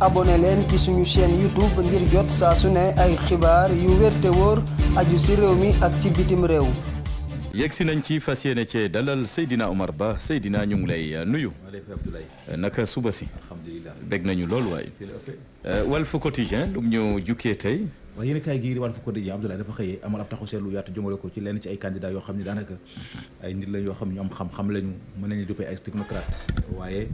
abonné leen ci suñu chaîne YouTube ngir jot saa su ne ay xibaar yu wér te wóor aju si réew mi ak ci bitim réew. yegg si nañ ci fas yéene cee dalal Seydina Omar Ba Seydina ñu ngi lay euh, nuyu. Euh, naka suba si. alhamdulilah bég nañu lool waaye. Euh, Walf Quotidien lu ñu jukkee tey. waaye yéen a kaay gii di Walf Quotidien Abdoulaye dafa xëyee amal ab taxu seetlu yaatu jëmale ko ci lenn ci ay candidat yoo xam ne daanaka ay nit lañ yoo xam ne ñu am xam-xam lañu mën nañu duppee ay technocrate waaye.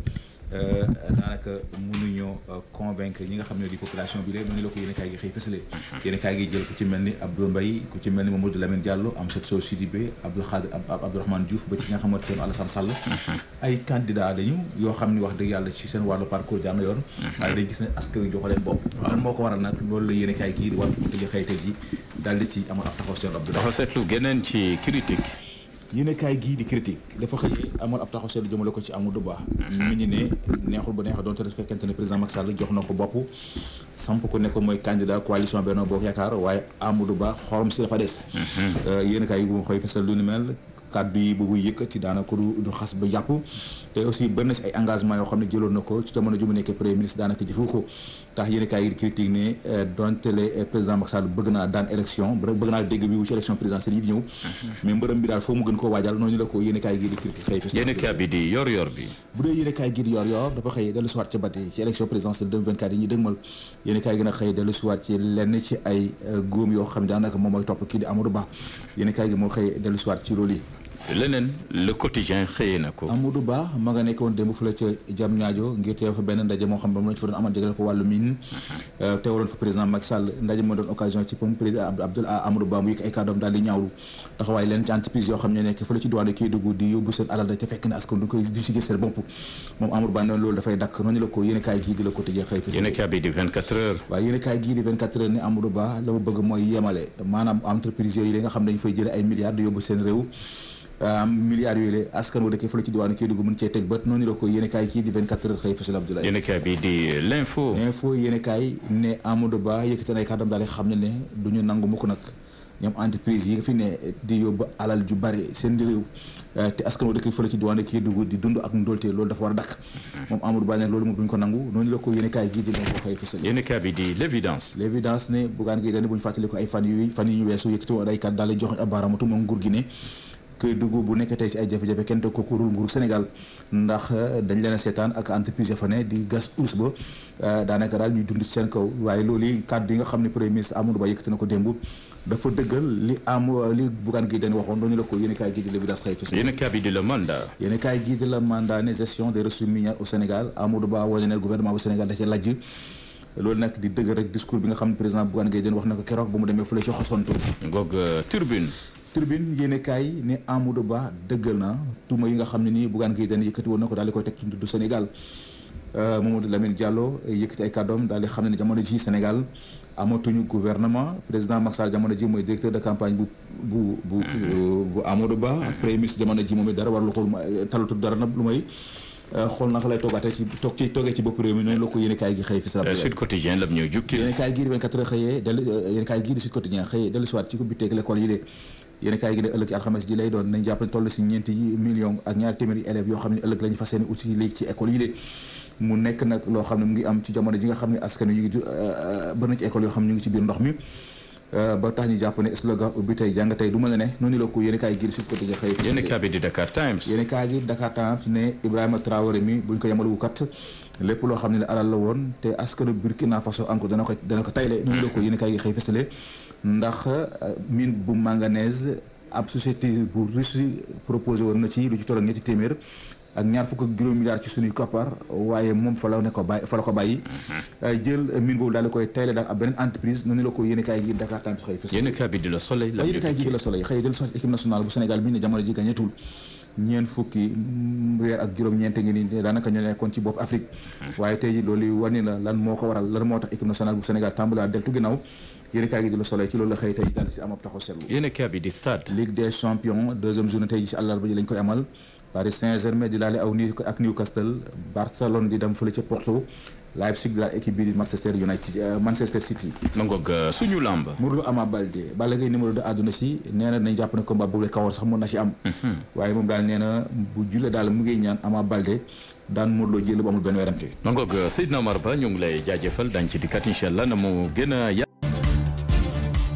Euh, daanaka mënuñoo euh, convaincre ñi nga xam ne di population bi léegi mu ne la ko yéen a kaay gi xëy fësale mhm. yéen a kaay gi jël ku ci mel ni Abdou Mbaye ku ci mel ni Mamadou Lamine Diallo Amsatou Sow Sidibé Abdou Khadr Abdourahmane Diouf ba ci nga xamante ne Alassane Sall mhm. ay candidat dañu yoo xam ne wax dëgg yàlla ci seen wàllu parcours jaar na yoon mhm. waaye dañ gis ne askan wi jox leen bopp man moo ko waral nag loolu la yéen kaay gi war fu tëj xëy ji daal di yéenekaay gii di critique dafa xëy amoon ab taxaw seetlu jëmale ko ci Amadou Ba. mu ñu ne neexul ba neexul donte fekkente ne président Macky Sall jox na ko bopp samp ko nekk mooy candidat coalition Benno Bokk Yaakaar waaye Amadou Ba xorom si dafa des. Mhm. Euh, yéenekaay yi bu ma xëy fesal lu ni mel. kàddu yi boobu yëkkati daanaka du du xas ba jàpp te aussi bëri na ay engagement yoo xam ne jëloon na ko ci jamono ju mu nekkee euh, euh, naa daan élection bëgg naa dégg bi wu ci élection présidentielle yi di yoo xam ne daanaka moom mooy topp kii di Amadou Ba yéen gi moo xëy dellu siwaat ci loolu yi leneen le quotidien xëyee na ko. Amadou Ba ma nga nekkoon démb fële ca Diamniadio ngir teew fa benn ndaje moo xam ne moom lañ fa doon amal jagleel ko wàllu miin. Mhm. Euh, teewaloon fa président Macky Sall ndaje moo doon occasion ci pom président Abdoul ah, Amadou Ba mu yëg ay kàddoom daal di ñaawlu taxawaay leen ci entreprise yoo xam ne nekk fële ci douane Kédougou di yóbbu seen alal da ca fekk ne askan du koy du si gis seen bopp moom Amadou Ba noonu loolu dafay dakk noonu la ko yéen a kaay gii di le quotidien xëy fi. yéen a kaay bi di 24 heures. waaw yéen a kaay gii di 24 heures ne Amadou Ba la mu bëgg mooy yemale maanaam entreprise yooyu li nga xam ne dañu fay jële ay milliards di yóbbu seen réew milliards yooyu la askan wa dëkkee fële ci diwaanu Kédougou mën cee teg na ne du ñu nangu mukk nag ñoom entreprise yi nga fi ne di yóbbu alal ju bari seen di réew eh, te askan wa dëkk fële ci diwaanu a dakk moom Amadou Ba noonu la ko yéenekaay gii di l'info xëy Fassel. yéenekaay bi di ñu fàttali ko ay fan yu fan yu ñu ay kàddu daal jox ab baaraamatu moom nguur gi ne koy dugg bu nekk tey ci ay jafe-jafe kenn te ko kurul nguur Sénégal ndax euh, dañ leen a seetaan ak entreprise ya fa ne di gas urus ba euh, daanaka daal ñuy dund ci seen kaw waaye loolu yi kàddu yi nga xam ne premier ministre Amadou Ba yëkkati na ko démb dafa dëggal li am euh, li Bougane Gueye Dany waxoon doon ñu la ko yéen a kaay gii di la Evidence xëy fës. yéen a kaay bi di la mandat. yéen a kaay gii di la mandat ne gestion des ressources minières au Sénégal Amadou Ba wane ne gouvernement bu Sénégal da cee lajj. loolu nag di dëgg rek discours bi nga xam ne président Bougane Gueye Dany wax na ko keroog ba mu demee fële ci Xosonto. ngoog turbine. Tribune yéenekaay ne Amadou Ba dëggal na tuuma yi nga xam ne nii Bougane Gueye Dany yëkkati woon na ko daal di koy teg ci nduddu Sénégal euh, Mamadou Lamine Diallo yëkkati ay kàddoom daal di xam ne jamono ji Sénégal amatuñu gouvernement président Macky Sall jamono ji mooy directeur de campagne bu bu bu bu Amadou Ba ak mm-hmm. premier ministre jamono na lu may euh, xool naka lay toogaatee ci toog ci toogee la ko yéenekaay gi xëy fi di 24 euh, Quotidien xëyee dellu ci ko bi teeg l'école de yéen kaay gi ne ëllëg alxames ji lay doon nañ jàpp ne toll si ñeenti millions ak ñaari téeméeri élèves yoo xam ne ëllëg la ñu fas uti léegi ci école yi lée mu nekk nag loo xam ne mu ngi am ci jamono ji nga xam ne askan wi ñu ngi euh, euh, bëri na ci école yoo xam ne ñu ngi ci biir ndox mi Euh, ba tax ñi jàpp ne slogan ubbi tey jàng tey du mën a ne noonu la ko yéen kaay gi suuf ko tëjee xëy yéen kaay bi di Dakar Times yéen kaay gi Dakar Times ne Ibrahima ko yemalu kat lépp loo xam ne alal la woon te askanu Burkina Faso encore dana dana ko tayle noonu la ko yéen kaay gi ndax euh, miin bu manganèse ab société bu Russie proposé woon na ci lu ci toll ñetti téeméer ak ñaar fukk ak juróom milliards ci suñuy koppar waaye moom fa la ne ko bàyyi fa la ko bàyyi. Mhm. Euh, jël mine boobu daal di koy tayle daal ab beneen entreprise noonu la ko yéen a kaay gi Dakar Times xëy fës. yéen a di la soleil la. yéen a kaay gi di la soleil xëy équipe nationale bu Sénégal bi ne jamono ji gañetul ñeent fukki weer ak juróom-ñeent ngi nii daanaka ñoo nekkoon ci bopp Afrique. Mhm. waaye tey ji loolu wane la lan moo ko waral lan moo tax équipe nationale bu Sénégal tàmbali deltu ginnaaw. yéen kaay gi di la soleil ci loolu la xëy tey daal si am ab taxaw seetlu yéen kaay bi di stade ligue des champions deuxième journée tey ji si àllarba ji lañ koy amal Paris saint di laale aw ni ak Newcastle di dem fële ca Porto Leipzig de la équipe bii di Manchester United euh, Manchester City. nangoog euh, suñu lamb. Modou Lô mhm. daal nee bu julle daal mu ngi ñaan Ama Baldé daan Modou Lô jël bu amul benn werante.